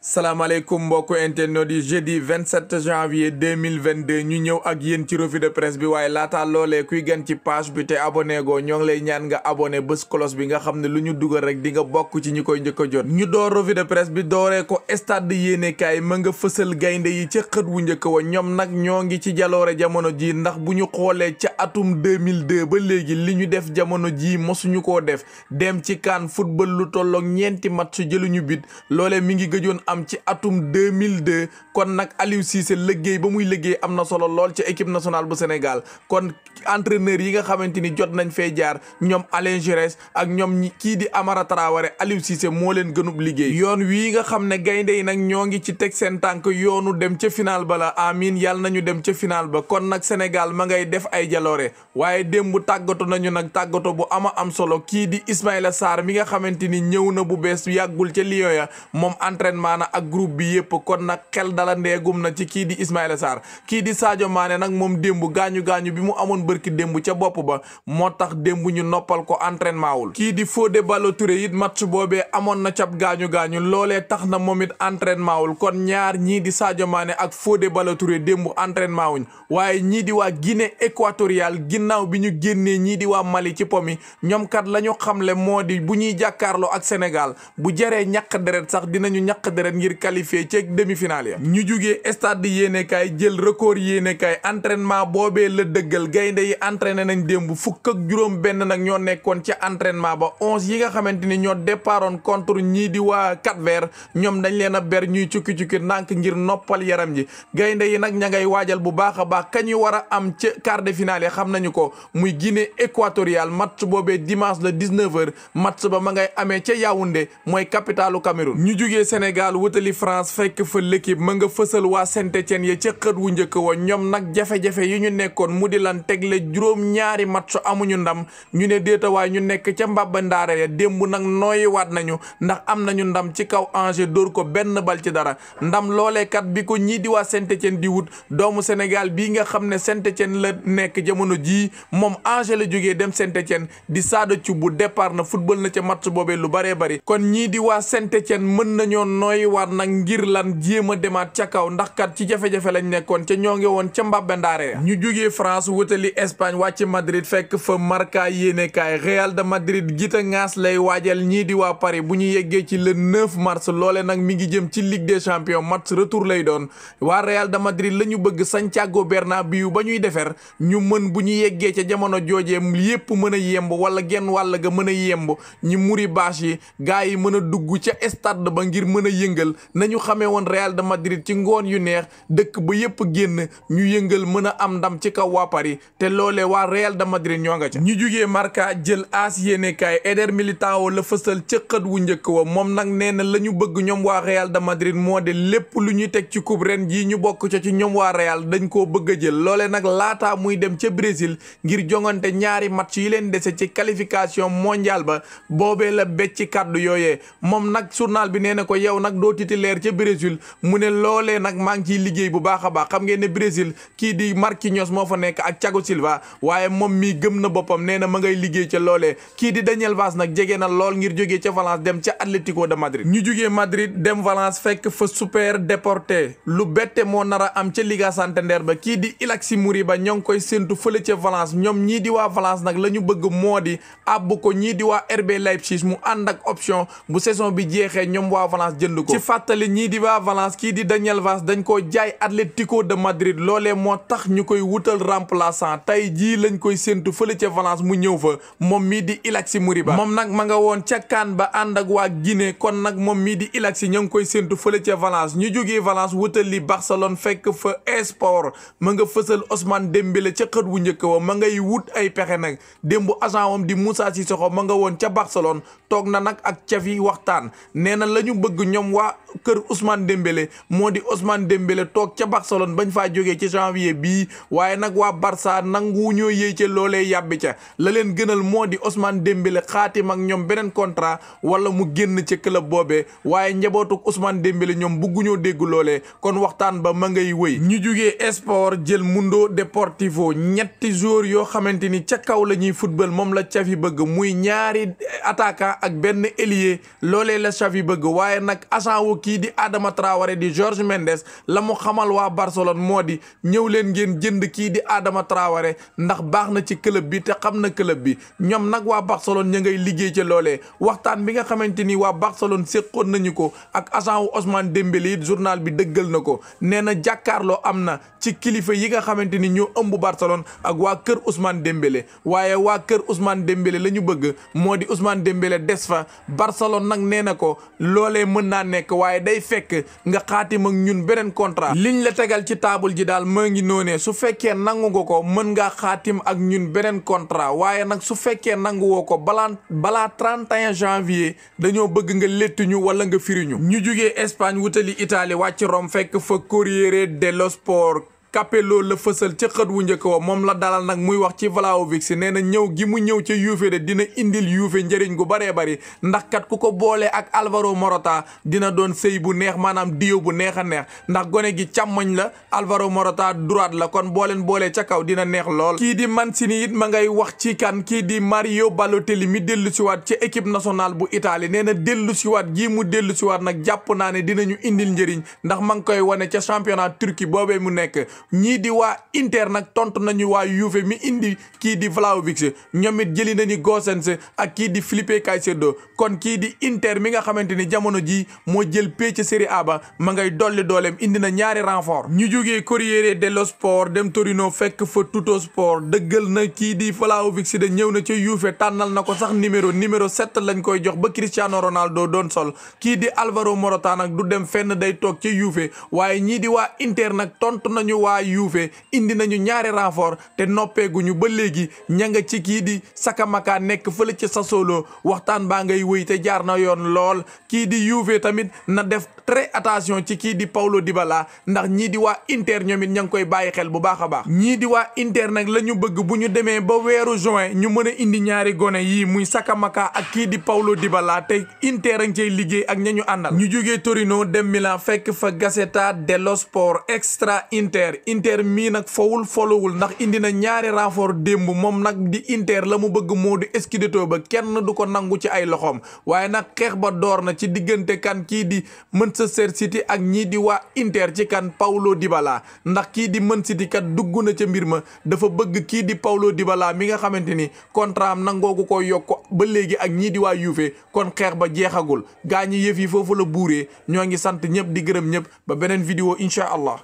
salaamaaleykum mbokku internet yi jeudi 27 janvier 2022 ñu ñëw ak yéen ci revue de presse bi waaye laataa loolee kuy gan ci page bi te abonné goo ñoo ngi lay ñaan nga abonné bés cloche bi nga xam ne lu ñu dugal rek di nga bokk ci ñi koy njëkk a jot ñu door revue de bi dooree ko stade yéenekaay ma nga fësal gaynde yi ca xët wu njëkk wa ñoom nag ñoo ngi ci jaloore jamono jii ndax bu ñu xoolee ca atum 2002 ba léegi li ñu def jamono ji mosuñu koo def dem ci kaan football lu tolloog ñeenti match jëluñu bit loolee mi ngi gëjoon am ci atum 2002 kon nag Aliou Cissé liggéey ba muy liggéey am na solo lool ci équipe nationale bu Sénégal kon entraîneur yi nga xamante ni jot nañ fee jaar ñoom Alain ak ñoom kii di Amara Traoré Aliou Cissé moo leen gënub liggéey yoon wii nga xam ne gaynde yi nag ñoo ngi ci teg seen tànk yoonu dem ca final ba la amin yàlla nañu dem ca final ba kon nag Sénégal ma ngay def ay jaloore waaye démb tàggatu nañu nag tàggatu bu ama am solo kii di Ismaïla Sarr mi nga xamante ni ñëw na bu bees yàggul ca Lyon ya Fofana ak groupe bi yëpp kon nag xel dala ndeegum na ci kii di Ismaïla Sarr kii di Sadio Mané nag moom démb gaañu gaañu bi mu amoon bërki démb ca bopp ba moo tax démb ñu noppal ko entraînement wul kii di de Ballo-Touré it match boobee amoon na cab gaañu gaañu loolee tax na moom it entraînement wul kon ñaar ñii di saajo Mané ak Fodé Ballo-Touré démb entraînement wuñ waaye ñii di waa Guinée équatoriale ginnaaw bi ñu génnee ñii di waa Mali ci po mi ñoom kat la ñu xamle moo di bu ñuy jàkkaarloo ak deret ngir qualifier ci demi-finale ya ñu jugee stade di yéenekaay jël record yéenekaay entraînement boobee la dëggal gaynde yi entraîné nañ démb fukk ak juróom benn nag ñoo nekkoon ca entraînement ba onze yi nga xamante ni ñoo départoon contre ñii di waa Cap-Vert ñoom dañ leen a ber ñuy cukki cukki ndànk ngir noppal yaram ji gaynde yi nag ña ngay waajal bu baax a baax kañu war am ca quart de finale xam nañu ko muy Guinée équatoriale match boobee dimanche le 19 heures match ba ma ngay amee ca Yaoundé mooy capitalu Cameroun ñu jugee Sénégal wutali France fekk fa l'équipe ma nga fësal waa Saint-Étienne ya ca wu njëkk wa ñoom nag jafe-jafe yi ñu nekkoon mu di lan tegle juróom ñaari match amuñu ndam ñu ne déetawaay ñu nekk ca mbabba ya démb nag nooy waat nañu ndax am nañu ndam ci kaw Angers dóor ko benn bal ci dara ndam loole kat bi ko ñii di waa Saint-Étienne di wut doomu Sénégal bii nga xam ne Saint-Étienne la nekk jamono jii moom Angers la jógee dem Saint-Étienne di saada Thioub bu départ na football na ca lu baree bari waat nag ngir lan jéem a demaat ca kaw ndax kat ci jafe-jafe lañ nekkoon ca ñoo ngi woon ca mbabbe ndaare ñu jógee France wutali Espagne wàcc Madrid fekk fa Marca yéenekaay Real de Madrid gita ngaas lay waajal ñii di waa Paris bu ñu yeggee ci le 9 mars loole nag mi ngi jëm ci Ligue des champions match retour lay doon waa Real de Madrid la ñu bëgg Santiago Bernabéu ba ñuy defer ñu mën bu ñu yeggee ca jamono joojee yépp mën a yemb wala genn wàll ga mën a yemb ñu muri bâche yi yi mën a dugg ca stade ba ngir mën a yëng yëngal nañu xamee woon Real de Madrid ci ngoon yu neex dëkk ba yëpp génn ñu yëngal mën a am ndam ci kaw waa Paris te loolee waa Real de Madrid ñoo nga ca ñu jugee Marca jël aas yéenekaay Eder Militão la fësal ca xët wu njëkk wa moom nag nee na la ñu bëgg ñoom waa Real de Madrid moo de lépp lu ñuy teg ci coupe ren jii ñu bokk ca ci ñoom waa Real dañ koo bëgg a jël loolee nag laataa muy dem ca Brésil ngir jongante ñaari match yi leen dese ci qualification mondiale ba boobee la becc kàddu yooyee moom nag journal bi nee na ko yow nag doo titulaire ca Brésil mu ne loolee nag maa ngi ciy liggéey bu baax a baax xam ngeen ne Brésil kii di Marquinhos moo fa nekk ak Thiago Silva waaye moom mii gëm na boppam nee na ma ngay liggéey ca loole kii di Daniel nag jege na lool ngir jógee ca Valence dem ca Atlético de Madrid ñu jógee Madrid dem Valence fekk fa Super Deportes lu bette moo nar a am ca Liga Santander ba kii di Ilaix Mouriba ñoo ngi koy séntu fële ca Valence ñoom ñii di waa Valence nag la ñu bëgg moo di àbb ko ñii di waa RB Leipzig mu ànd ak option bu saison bi jeexee ñoom waa Valence jënd ko fàttali ñii di waa Valence kii di Daniel Vaz dañ koo jaay Atlético de Madrid loole moo tax ñu koy wutal remplaçant tey jii lañ koy séntu fële ca Valence mu ñëw fa moom mii di Ilaxi Muriba moom nag ma nga woon ca kaan ba ànd ak waa Guinée kon nag moom mii di Ilaxi ña ngi koy séntu fële ca Valence ñu jógee Valence wutal li Barcelone fekk fa Esport ma nga fësal Ousmane Dembélé ca xët wu njëkk wa ma ngay wut ay pexe nag démb agent wam di Moussa Sissoko ma nga woon ca Barcelone toog na nag ak Xavi waxtaan nee na bëgg waa kër Ousmane Dembélé moo di Ousmane Dembélé toog ca Barcelone bañ faa jógee ci janvier bii waaye nag waa Barça nangu ñoo yéy ca loolee yàbbi ca la leen gënal moo di Ousmane Dembélé xaatim ak ñoom beneen contrat wala mu génn ci club boobe waaye njabootuk Ousmane Dembélé ñoom bugguñoo dégg loolee kon waxtaan ba ma ngay wëy ñu jugee sport jël Mundo Deportivo ñetti joueurs yoo xamante ni ca kaw la ñuy football moom la Xavi bëgg muy ñaari attaquant ak benn élie lo agent kii di Adama Traoré di George Mendes la mu xamal waa Barcelone moo di ñëw leen ngeen jënd kii di Adama Traoré ndax baax na ci club bi te xam na club bi ñoom nag waa Barcelone ña ngay liggéey ci loolee waxtaan bi nga xamante ni waa Barcelone séqoon nañu ko ak agent wu Ousmane Dembélé it journal bi dëggal na ko nee na jàkkaarloo am na kilifa yi nga xamante ni ñoo ëmb Barcelone ak waa kër Ousmane Dembélé waaye waa kër Ousmane Dembélé la ñu bëgg moo di Ousmane Dembélé des fa Barcelone nag nee na ko loole mën naa nekk waaye day fekk nga xaatim ak ñun beneen contrat liñ la tegal ci taabul ji daal maa ngi noonee su fekkee nangu ko mën ngaa xaatim ak ñun beneen contrat waaye nag su fekkee nangu woo ko balaa balaa 31 janvier dañoo bëgg nga lettuñu wala nga firiñu ñu jugee Espagne wutali Italie wàcc Rome fekk fa Corriere dello Sport Capello la fësal ca xët wu njëkk wa moom la dalal nag muy wax ci Vlahovic si nee na ñëw gi mu ñëw ca Juve de dina indil Juve njëriñ gu baree bari ndax kat ku ko boolee ak Alvaro morota dina doon sëy bu neex maanaam diw bu neex a neex ndax gone gi càmmoñ la Alvaro morota droite la kon boo leen boolee ca kaw dina neex lool. kii di Mancini it ma ngay wax ci kan kii di Mario Balotelli mi dellu siwaat ci équipe nationale bu Italie nee na dellu siwaat gii mu dellu siwaat nag jàpp naa ne dinañu indil njëriñ ndax ma ngi koy wane ca championnat Turquie boobee mu nekk. ñii di waa Inter nag tontu nañu waa Juve mi indi kii di Vlahovic ñoom it jëli nañu Gosens ak kii di Filipe Caicedo kon kii di Inter mi nga xamante ni jamono jii moo jël pee ca Serie A ba ma ngay dolli dooleem indi na ñaari renfort ñu jógee Corriere dello Sport dem Torino fekk fa Tuttosport dëggal na kii di Vlahovic si de ñëw na ca Juve tànnal na ko sax numéro numéro sept lañ koy jox ba Cristiano Ronaldo doon sol kii di Alvaro Morata nag du dem fenn day toog ca Juve waaye waa Juve indi nañu ñaari renfort te noppeeguñu ba léegi ña nga ci kii di Sakamaka nekk fële ci Sassuolo waxtaan baa ngay wéy te jaar na yoon lool kii di Juve tamit na def très attention ci kii di Paulo Dybala ndax ñii di waa Inter ñoom it ña ngi koy bàyyi xel bu baax a baax ñii di waa Inter nag la ñu bëgg bu ñu demee ba weeru juin ñu mën a indi ñaari gone yii muy Sakamaka ak kii di Paulo Dybala te Inter a ngi cay liggéey ak ña ñu àndal ñu jógee Torino dem Milan fekk fa Gazzetta dello Sport extra Inter Inter mii nag fowul folowul ndax indi na ñaari rafor démb moom nag di Inter la mu bëgg moo di scudetto ba kenn du ko nangu ci ay loxoom Manchester City ak ñii di waa Inter ci kan Paulo Dybala ndax kii di Man City kat dugg na ca mbir ma dafa bëgg kii di Paulo Dybala mi nga xamante ni contrat am nangoogu ko yokk ba léegi ak ñii di waa Juve kon xeex ba jeexagul gaa ñi yëf yi foofu la buuree ñoo ngi sant ñëpp di gërëm ñëpp ba beneen vidéo incha allah